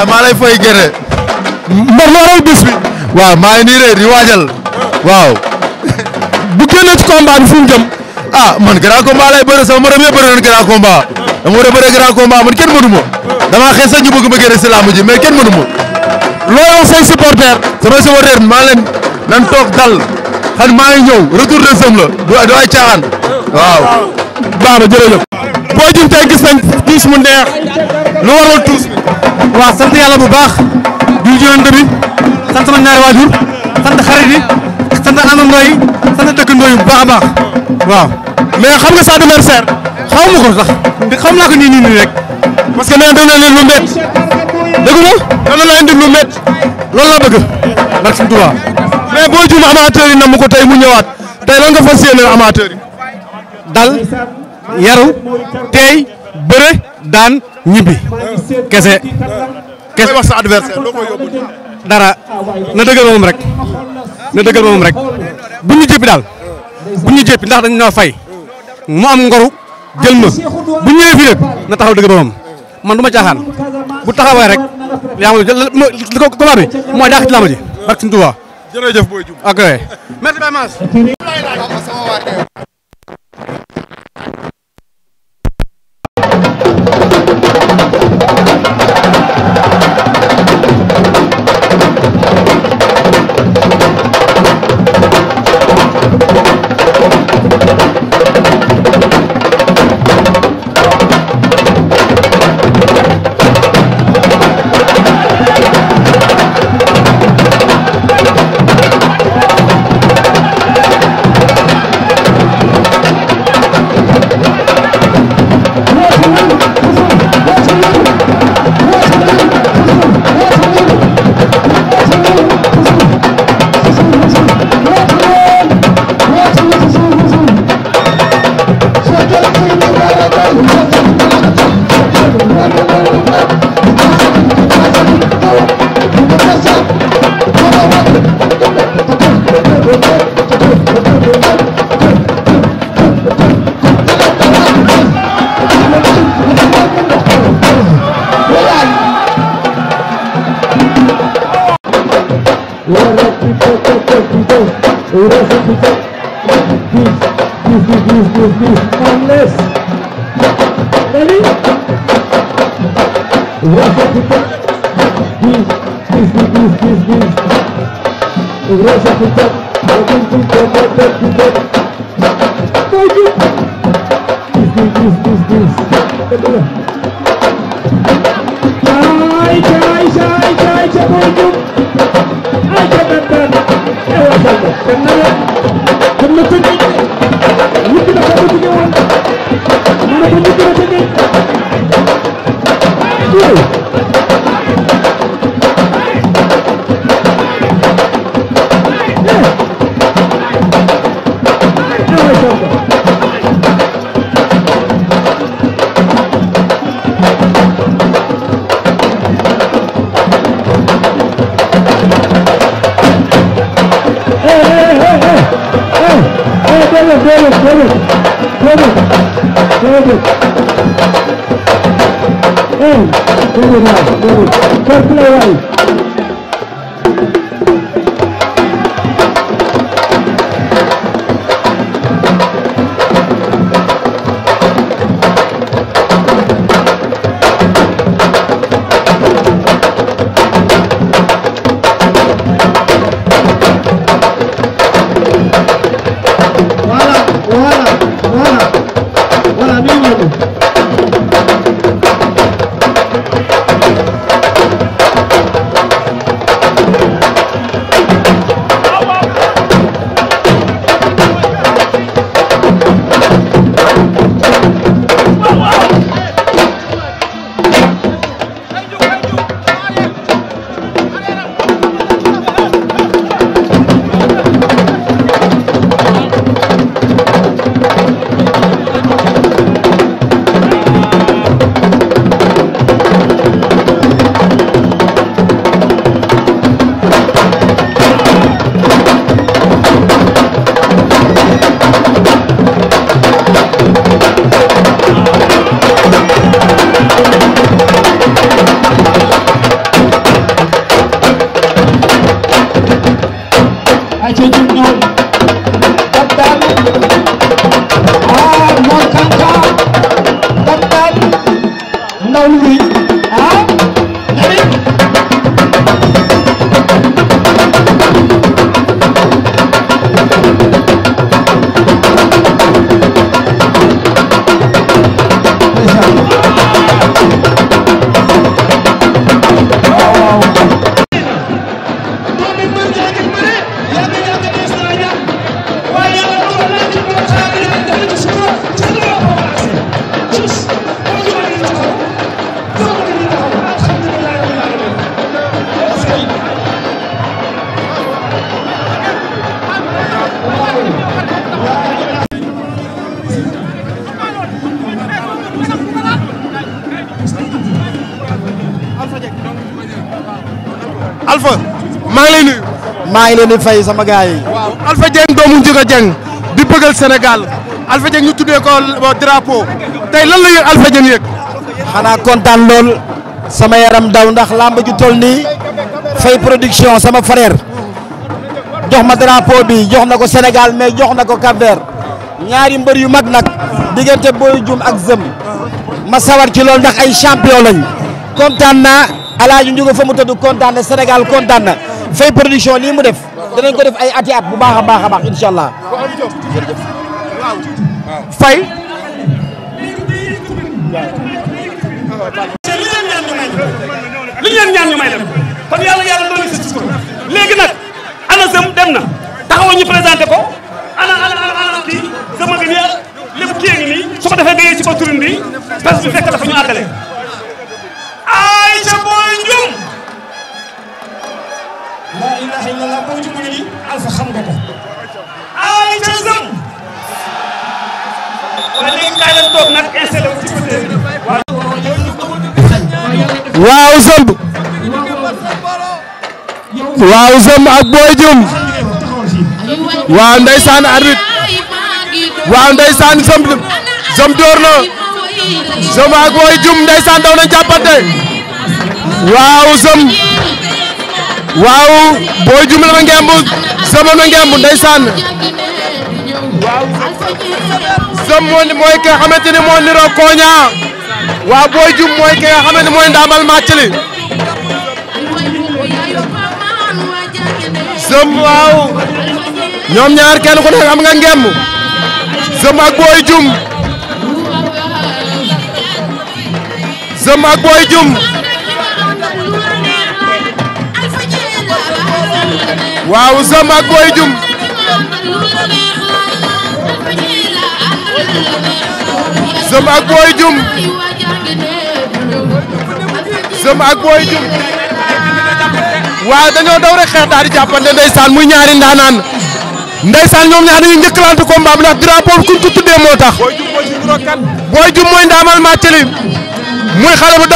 waaw maa lay fay gerte. mbër loo raw bés bi. waaw maa ngi nii de waaw. bu génnee ci combat bi fu mu jëm. ah man grand combat lay bëre sama morom yëpp bëre nañ grand combat. dama war a bëre grand combat man kenn mënu ma. damaa xeex sax ma génne si làmb ji mais kenn mënu ma. looy wax say supporter. samay supporter maa leen nan toog dal xam maa ngi ñëw retour de sem la du du ay caaxaan. waaw. baax na jërëjëf. boo jëm tey gis nañ tuus mu neex. lu waral waaw sant yàlla bu baax di jënd bi sant sama ñaari waajur sant xarit yi sant àndandoo yi sant dëkkandoo yi bu baax a baax waaw. mais xam nga Sadio Mer Serre xaw ma ko sax xam naa ko nii nii nii rek parce que nee na déglu leen lu métt dégg nga loolu la indi lu métt bëgg ndax suñu tubaab boo juum amateur yi namm ko tey mu ñëwaat tey lan nga fas yéene amateur yi. dal yaru tey bëre. daan ñibbi kese. kese wax sa loo koy yóbbu dara na dëggal moom rek na dëggal moom rek bu ñu jéppi daal bu ñu jéppi ndax dañ ñoo fay mu am ngoru jël ma bu ñëwee fii na taxaw dëgg boppam man du ma caaxaan bu taxawee rek yaa ngi li ko combat bi moo dàq ci làmb ji barke suñu Tuubaa Ai, ai, ai, ai, ai, ai, Thank you. Demet, Demet, Demet. Demet. Demet. Hey, Demet, Demet. Just play right. ngi leen di fay sama gars yi. waaw Alpha Dieng doomu Ndiouga Dieng di bëggal Sénégal Alpha Dieng ñu tuddee ko euh, drapeau tey lan la yëg Alpha Dieng yëg. xanaa kontaan lool sama yaram daw ndax làmb ju toll nii fay production sama frère jox ma drapeau bi jox na ko Sénégal mais jox na ko Cap ñaari mbër yu mag nag diggante Boy Dioum ak Zëm ma sawar ci loolu ndax ay champion lañ kontaan na El Hadj Ndiouga fa mu tëdd kontaan na Sénégal kontaan na. Faye production nii mu def danañ ko def ay ati at bu baax a baax a baax incha allah jërëjëf Faye li ñaan ñu dem kon yàlla yàlla doon na si ko léegi nag ANACIM dem na taxaw présenté ko ana ana ana kii sama gën ya lépp kii ngi nii su ko defee nga yee ci ba turin bi parce que fekk dafa ñu àggale ay ca booy njum ilaha illallah waaw Zomb. ak Boy Dioum. waaw ndeysaan arbitre. waaw ndeysaan Zomb Zomb door na. Zomb ak Boy Dioum ndeysaan daw na jàppante. waaw Zomb. waaw Boy Dioum la ngemb Zom la ngemb ndeysaan waaw Zom moo mooy ki nga xamante ni moo niroo Koña waaw Boy Dioum mooy ki nga xamante ni mooy ndaamal màcc li Zom waaw ñoom ñaar kenn ku nekk am nga ngemb Zom ak Boy Dioum Zom ak Boy Dioum waaw Sam ak Boy Dioum Sam ak Boy Dioum waaw dañoo daw rek xeex daal di muy ñaari ndaanaan ndeysaan ñoom ñaar dañuy njëkkalante combat bi ndax drapeau bi kuñ ko moo tax Boy Dioum mooy ndaamal màccali muy xale bu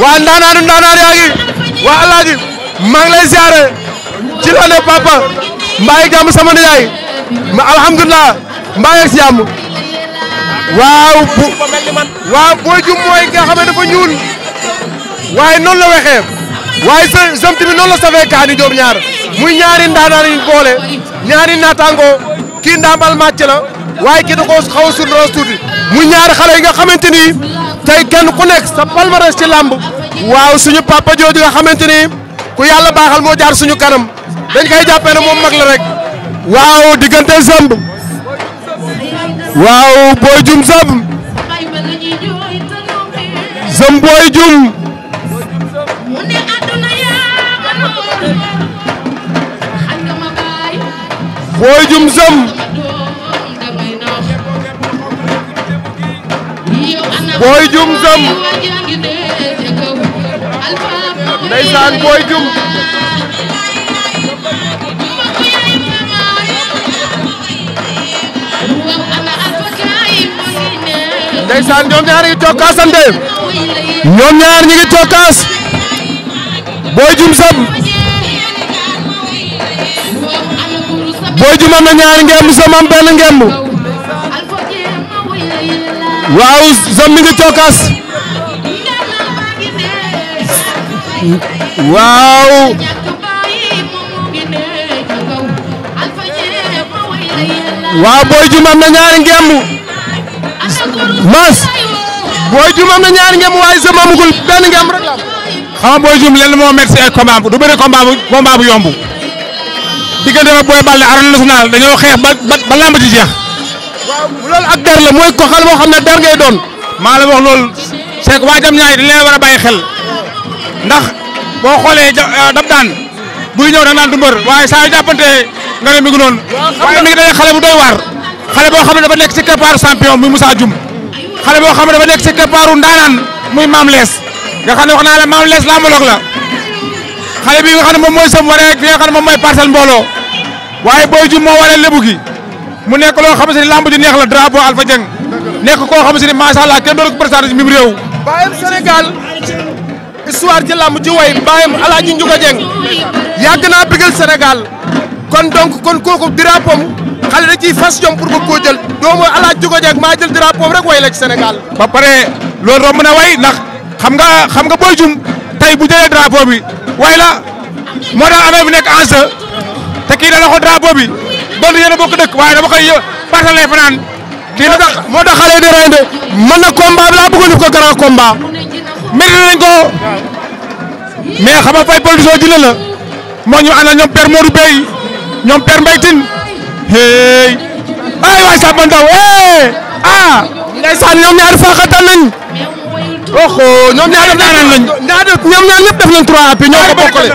waa ndaanaan ndaanaan yaa ngi waa alaaji maa lay ziare ci la ne papa mbaa yeeg jàmm sama nijaay ma alhamdulilah mbaa yeeg si jàmm waaw bu waaw booy jum mooy nga xam ne dafa ñuul waaye la waxee waaye sa jëm tamit la safee kaani Diop ñaar muy ñaari ndaanaan yu boole ñaari naataango kii ndaamal màcc la waaye kii da koo xaw muy ñaari xale yi nga xamante ni tey kenn ku nekk sa palmarès ci làmb waaw suñu papa jooju nga xamante ni. ku yàlla baaxal moo jaar suñu kanam dañ koy jàppee ne moom mag la rek. waaw diggante Samb. waaw Boy Dioum Samb. Samb Boy Dioum. Boy ndeysaan booy jum ndeysaan ñoom ñaar ngi cokkaasante ñoom ñaar ñi ngi cokkaas booy jum sab booy jum am na ñaari ngemb sam am benn ngemb waaw sam ngi cokkaas waaw. waaw Boy Dioum am na ñaari ngemb. Mass. Boy Dioum am na ñaari ngemb waaye sa mamugul benn ngemb rek la am. xam nga Boy Dioum lenn moo métti ay combat bu du bëri combat bu combat bu yomb. diggante ba Boy Baldé arène dañoo xeex ba ba ba lamb jeex. loolu ak der la mooy ko xal moo xam ne der ngay doon. maa la wax loolu. c'est que ñaay dañ leen war a bàyyi xel. ndax boo xoolee ah, dab daan buy ñëw da nga naan du mbër waaye saa yu jàppante nga ne mi ngi noonu. waaye mi bu doy waar. xale boo xam ne dafa nekk si keppaaru champion muy Moussa Dioum xale boo xam ne dafa nekk ci keppaaru ndaanaan muy Mame Less nga xam ne naa la Mame Less lambaloog la xale bi nga xam ne moom mooy sëm waree ak li nga xam ne moom mooy parcelle mbooloo waaye Boy Dioum moo waree lébu gi mu nekk loo xamante ni lamb ji neex la drapeau Alpha Dieng nekk koo xamante ni macha allah kenn doon ko présenté ci mim réew. histoire ci làmb ci way baayam Alaaji Njuga Jeng yàgg naa bëggal Sénégal kon donc kon kooku drapeau xale da ciy fas jom pour bëgg koo jël doomu Alaaji Njuga Jeng maa jël rek way la ci Sénégal. romb na way ndax xam nga xam nga booy jum tey bu bi way la moo tax affaire bi nekk en jeu te kii dana ko drapeau bi doon yéen a bokk dëkk waaye dama koy partalee fanaan. kii moo tax moo tax xale na combat laa bëggoon ko grand combat. mérité nañ ko mais xam nga fay production dina la moo ñu àndal ñoom père Modou Bey ñoom père Mbaye Tine ay waay Samba Ndao hey ah ndeysaan ñoom ñaari faaxatal nañ oxo ñoom ñaar def nañ nañ ñoom ñaar ñëpp def nañ 3 appui ñoo ko bokkale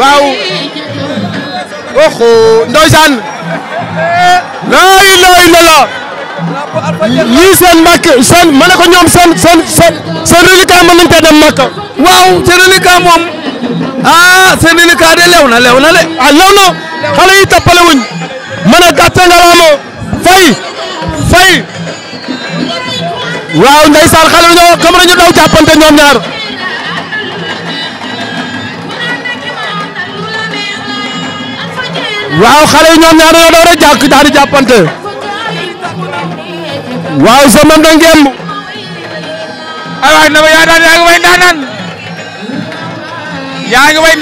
waaw oxo ndeysaan la ilaha illallah yii seen mbàkk seen ma ko ñoom seen seen seen seen reliquat mën dem Makka. waaw seen reliquat moom ah seen reliquat de lew na lew na de. ah lew na xale yi a gàtte ngalaama fay fay waaw ndeysaan xale yi ñoo xam nañu ñoom ñaar. waaw xale ñoom ñaar daw rek jàkk daal di waaw sama ndong gemb ay waay na ma yaa daan yaa ngi way ndaanaan yaa ngi way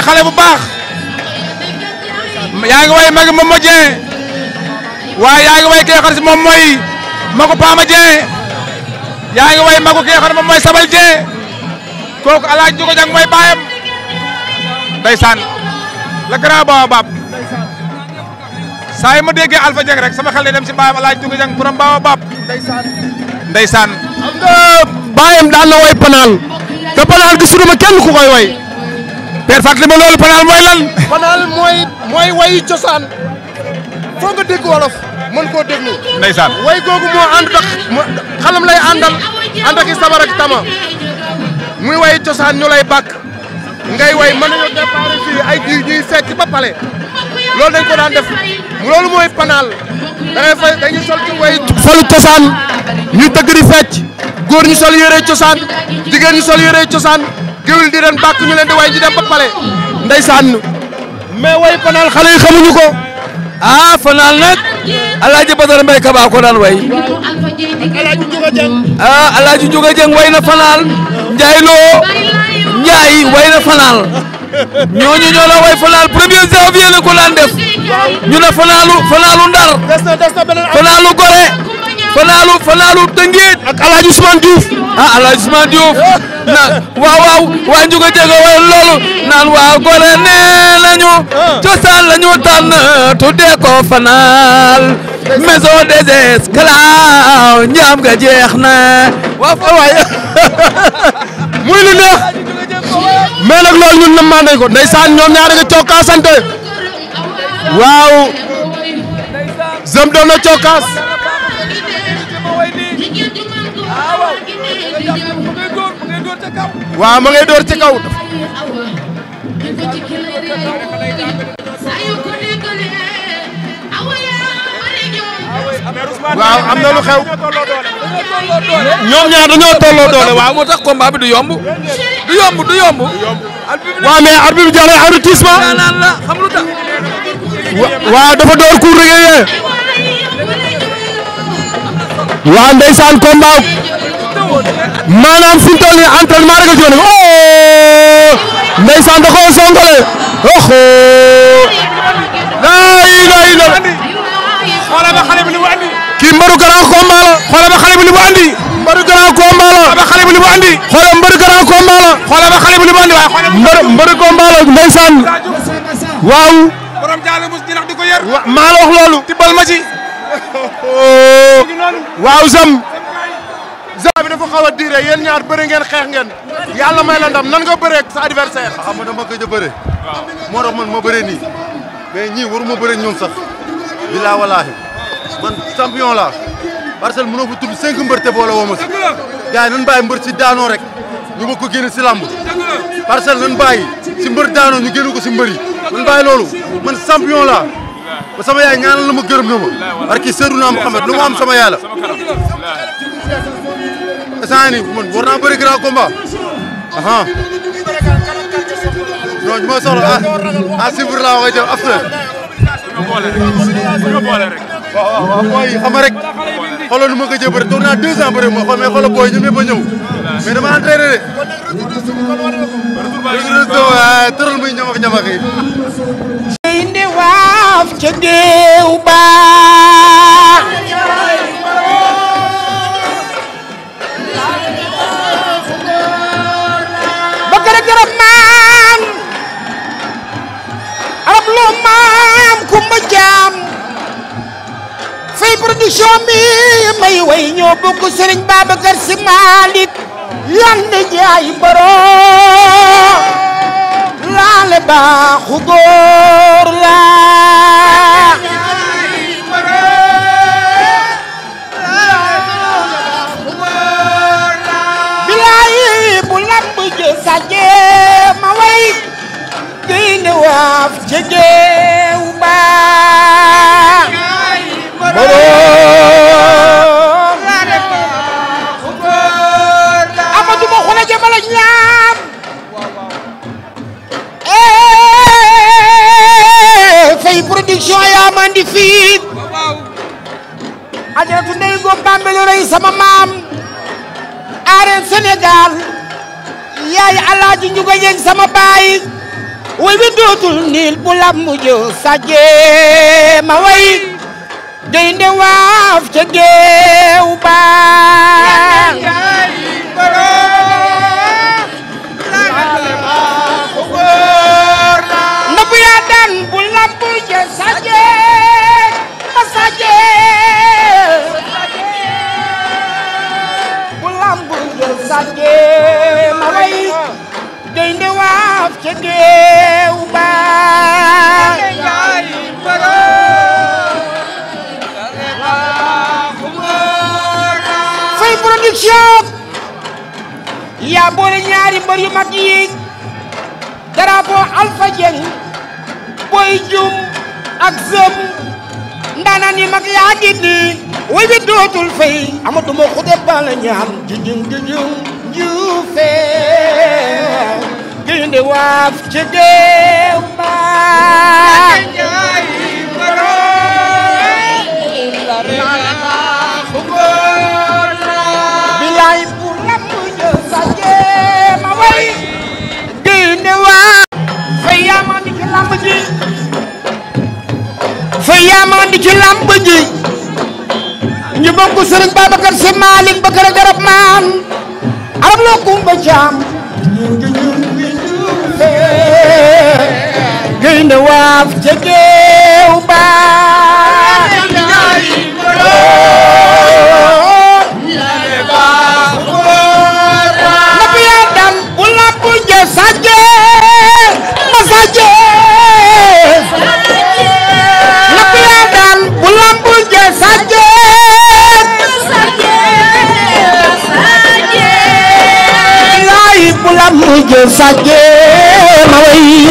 ndaanaan bu baax yaa ngi way magi moom ma jee waaye yaa ngi way kee si moom mooy magu paama jee yaa ngi way magu kee xam sabal jee kooku alaaj jugo jang mooy baayam ndeysaan le grand baobab saa yi ma déggee Alpha Dieng rek sama xel day dem si baayam Alaaji Tunga Dieng borom baaw a baab. ndeysaan. ndeysaan. xam nga baayam daan na woy panaal. te panaal gisuma ma kenn ku koy woy. père fàttali ma loolu panaal mooy lan. panaal mooy mooy woyi cosaan. foo nga dégg wolof. mën koo déglu. ndeysaan way googu moo ànd ak xalam lay àndal ànd ak i sabar tama. muy way cosaan ñu lay bàkk. ngay way mën nañoo déparé fii ay ji ñuy fecc ba loolu dañ ko daan def loolu mooy panaal da fay dañuy sol ci way solu cosaan ñu tëgg di fecc góor ñu sol yére cosaan jigéen ñu sol yére cosaan géwél di leen bàkk ñu leen di way di dem ba pale ndeysaan mais way panaal xale yi xamuñu ko ah fanaal nag alaaji badara mbay kabaa ko ah, way na fanaal njaay loo njaay way na fanaal ñooñu ñoo la way fanaal premier janvier la ko laan ñu ne fanaalu fanaalu Ndar fanaalu Gore fanaalu fanaalu Tëngéej ak El Hadj Ousmane Diouf ah, na waaw waaw waa Ndiouga Diaga wayoon loolu naan waa Gore nee nañu ah. cosaan la ñu tànn tuddee ko fanaal maison des esclaves ñaam nga jeex na waaw waay muy lu neex mais nag loolu ñun nammaa nañ ko ndeysaan ñoom ñaar nga cokkaas sante waaw Zem doon na cokkaas waaw ma ngay door ci kaw waaw am na lu xew. ñoom ñaar dañoo tolloo doole waaw moo tax combat bi du yomb. du yomb du yomb. waaw mais arbitre bi jàllale avertissement. xam lu tax. waaw dafa door coup rek yee. waaw ndeysaan combat. maanaam fi mu toll a jógee kii mbaru grand combat la xoolal ba xale bi li mu andi mbaru grand combat la xoolal ba xale bi li mu andi xoolal mbaru grand combat la xoolal ba xale bi li mu andi waaye xoolal mbaru combat la ndeysaan waaw borom jaalu mus dinax di ko yër maa la wax loolu tibbal ma ci waaw zam zam bi dafa xaw a diire yéen ñaar bëri ngeen xeex ngeen yàlla may la ndam nan nga bëree sa adversaire xam nga dama ko ja bëre moo tax man ma bëre nii mais ñii waruma bëre ñoom sax bilaa walaahi man champion la parcelle mënoo fa tudd cinq mbër boole woo ma si gars yi nan bàyyi mbër si daanoo rek ñu bëgg ko si làmb parcelle nan bàyyi si mbër daanoo ñu génne ko si mbër yi nan loolu man champion la ba sama yaay ñaanal la ma gërëm na ma barki Seydina Muhammad lu ma am sama la instant ni man war naa bëri grand combat aha ñu ma soxla ah ah sibir laa koy def after waaw waaw mooy xam rek xoolal nu ma ko jëbëre toog naa deux ans bëre ma xool mais xoolal booy ñoom ñëpp a ñëw mais dama entraîné de. waaw tëral muy ñamax émission bi may way ñoo bokk Serigne Babacar Sy Malick yand jaay borom laale baaxu góor laa bilaay bu lamb je saje ma way génne waaf jegew baa borom yaa def Amadou ma xula jëmale ñaan fay production yaa man di sama maam arène Sénégal yaay alaaji njuga sama baay way wi dootul niil bu lambu jo gaynde waaf ca géew ba na bu yaa daan bu lamb ja saje ma saje bu lamb ja saje ma way gaynde waaf ca géew ba mbër yu mag yi drapeau Alpha Dieng Boy Dioum ak Zëm ndaanaan yi mag yaa ngi nii wuy bi dootul fay Amadou ma xude bala ñaam jujum jujum juufe gaynde waaf ci géew maa yaa ma andi ci làmb ji ñu bokk sëriñ Babacar Si Maalik ba kër garab maam arab loo kumba caam gaynde waaf ca géew baa jëf sàjjee ma way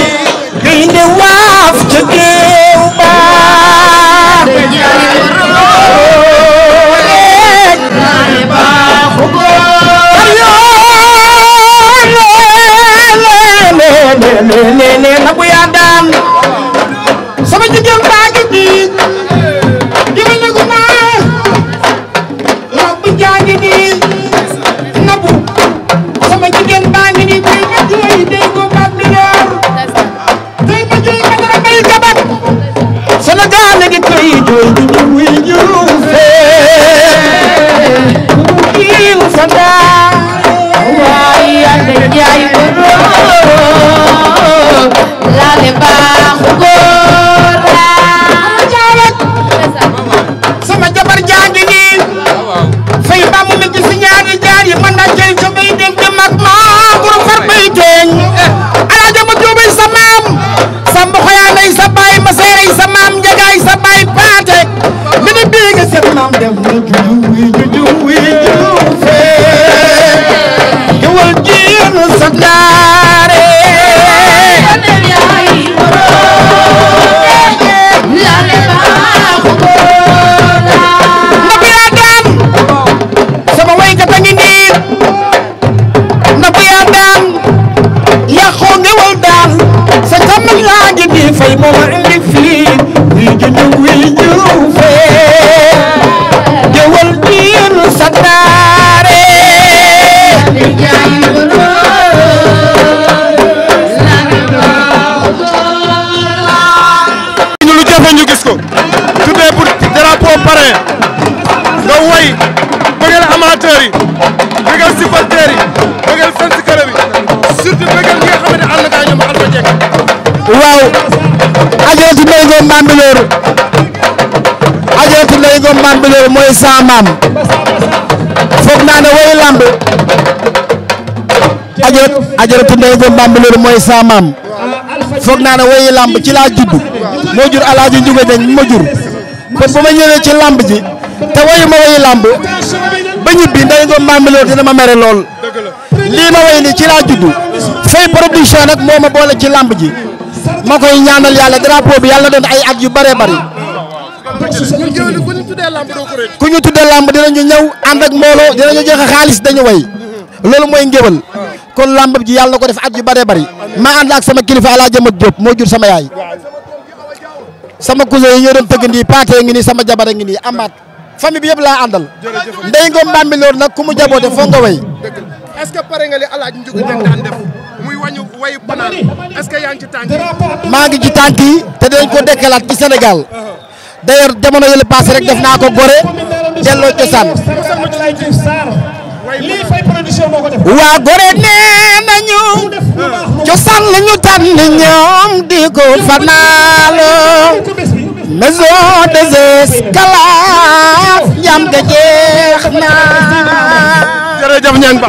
gaynde waaf ca géew ba ne ne ne ne ne ne ne yaa ngi nii fay ma ma indi fii wii ju ñu wii ju fee Ngom Bambilor ajaratu Ndeye Ngom Bambilor mooy sa maam foog naa ne woy lamb ajarat ajaratu Ndeye Ngom Bambilor mooy sa maam naa ne woy lamb ci laa judd moo jur alaaji njuga ma jur kon ci lamb ji te woyu ma woyu lamb ba ñibbi Ndeye Ngom Bambilor dina ma mere lool lii ma woy ni ci laa judd fay production nag moo ma boole ci lamb ji ma koy ñaanal yàlla drapeau bi yàlla na doon ay at yu bëree bëri. ku ñu tuddee làmb dinañu ñëw ànd ak mbooloo dinañu joxe xaalis dañu way loolu mooy ngéwal kon làmb ji yàlla na ko def at yu bëree bari ma ànd ak sama kilifa ala jëm ak moo jur sama yaay sama cousin yi ñoo doon tëgg nii paatee ngi nii sama jabara ngi nii amaat famille bi yëpp laa àndal ndey ngoom Bambilor nag ku mu jaboote foo nga way wañu wayu panaal est-ce que yaa ci tànk maa ngi ci tànk yi te dinañ ko dekkalaat ci Sénégal d'ailleurs jamono yële passé rek def naa ko gore delloo cosaan. waa gore nee nañu cosaan la ñu tànn ñoom di ko fanaalo maison des esclaves jam ga na